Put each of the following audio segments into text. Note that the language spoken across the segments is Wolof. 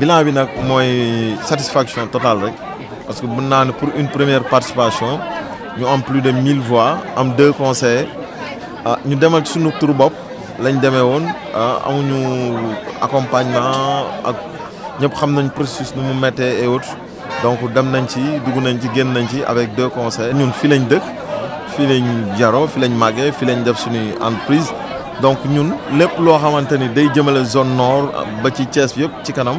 bilan bi nag mooy satisfaction totale rek parce que mën naa ne pour une première participation ñu am plus de 1000 voix am deux conseils ah, ñu demal ci sunu tur bopp lañ demee woon ah, amuñu accompagnement ak ñëpp xam nañ processus nu mu méttee et autres donc dem nañ ci dugg nañ ci génn nañ ci avec deux conseils ñun fi lañ dëkk fii lañ jaroo fi lañ màggee fi lañ def suñuy entreprise donc ñun lépp loo xamante ni day jëmale zone nord ba ci Thiès yëpp ci kanam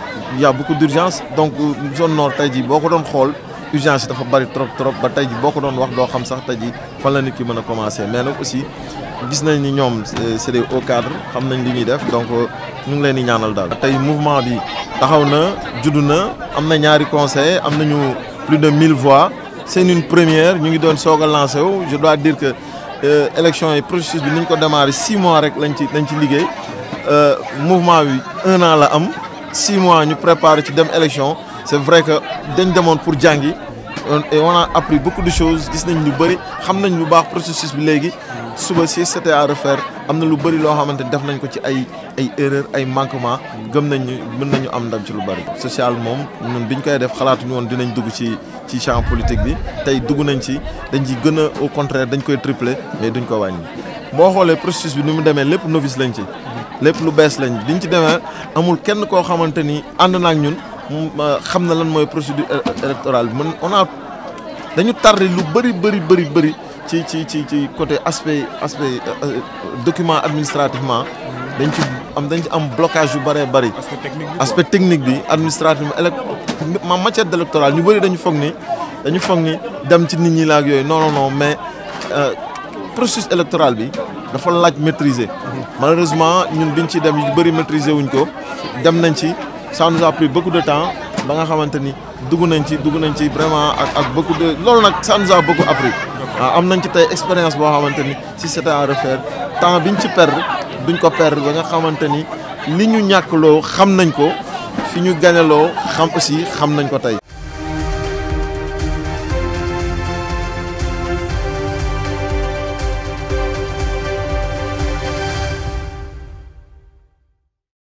il y a beaucoup d'urgence donc euh, zone nord tey jii boo ko doon urgence dafa bari trop trop ba tey jii boo ko wax do xam sax tey jii fan la nit ki meuna commencer mais nag aussi gis nañ ni ñom euh, c'est des hauts cadres xam nañ li ñuy def donc euh, ñu ngi leen di ñaanal dal tay mouvement bi taxaw na juddu na am na ñaari conseil am nañu plus de 1000 voix c'est une première ñu ngi doon soga lancer je dois dire que élection et processus bi ni ñu ko démarrer 6 mois rek lañ ci lañ ci liggéey mouvement bi un an la am six mois ñu préparé ci dem élection c'est vrai que dañ demoon pour jàngi et on a appris beaucoup de choses gis nañ lu bëri xam nañ lu baax processus bi léegi suba si c'était à refaire amna lu bari lo xamanteni def nañ ko ci ay ay erreur ay manquement gëm nañ ñu mën nañu am ndam ci lu bari social moom ñun biñ koy def xalaatu ñu woon dinañ dugg ci ci champ politique bi tey dugg nañ ci dañ ci gën a au contraire dañ koy tripler mais duñ ko wàññi boo xoolee processus bi ni mu demee lépp novice lañ ci. lépp lu bees lañ diñ ci demee amul kenn koo xamante ni ànd na ak ñun euh, xam na lan mooy procédure euh, euh, électorale bi man on a dañu tar lu bëri bëri bëri bëri ci ci ci ci côté aspect aspect document administrativement dañ ci am dañ ci am blocage yu bëree bëri. aspect technique bi administrativement élec ma matière électorale ñu bëri dañu foog ni dañu foog ni dem ci nit ñi laak yooyu non non non mais processus électoral bi. dafa laaj maîtriser malheureusement ñun biñ ci dem yu bari maîtriser wuñ ko dem nañ ci ça nous a pris beaucoup de temps ba nga xamante ni dugg nañ ci dugg nañ ci vraiment ak ak beaucoup de loolu nag ça nous a beaucoup appris ah, am nañ ci tey expérience boo xamante ni si c'était à refaire temps biñ ci perdre duñ ko perdre ba nga xamante ni li ñu ñàkkloo xam nañ ko fi ñu ganeloo xam aussi xam nañ ko tey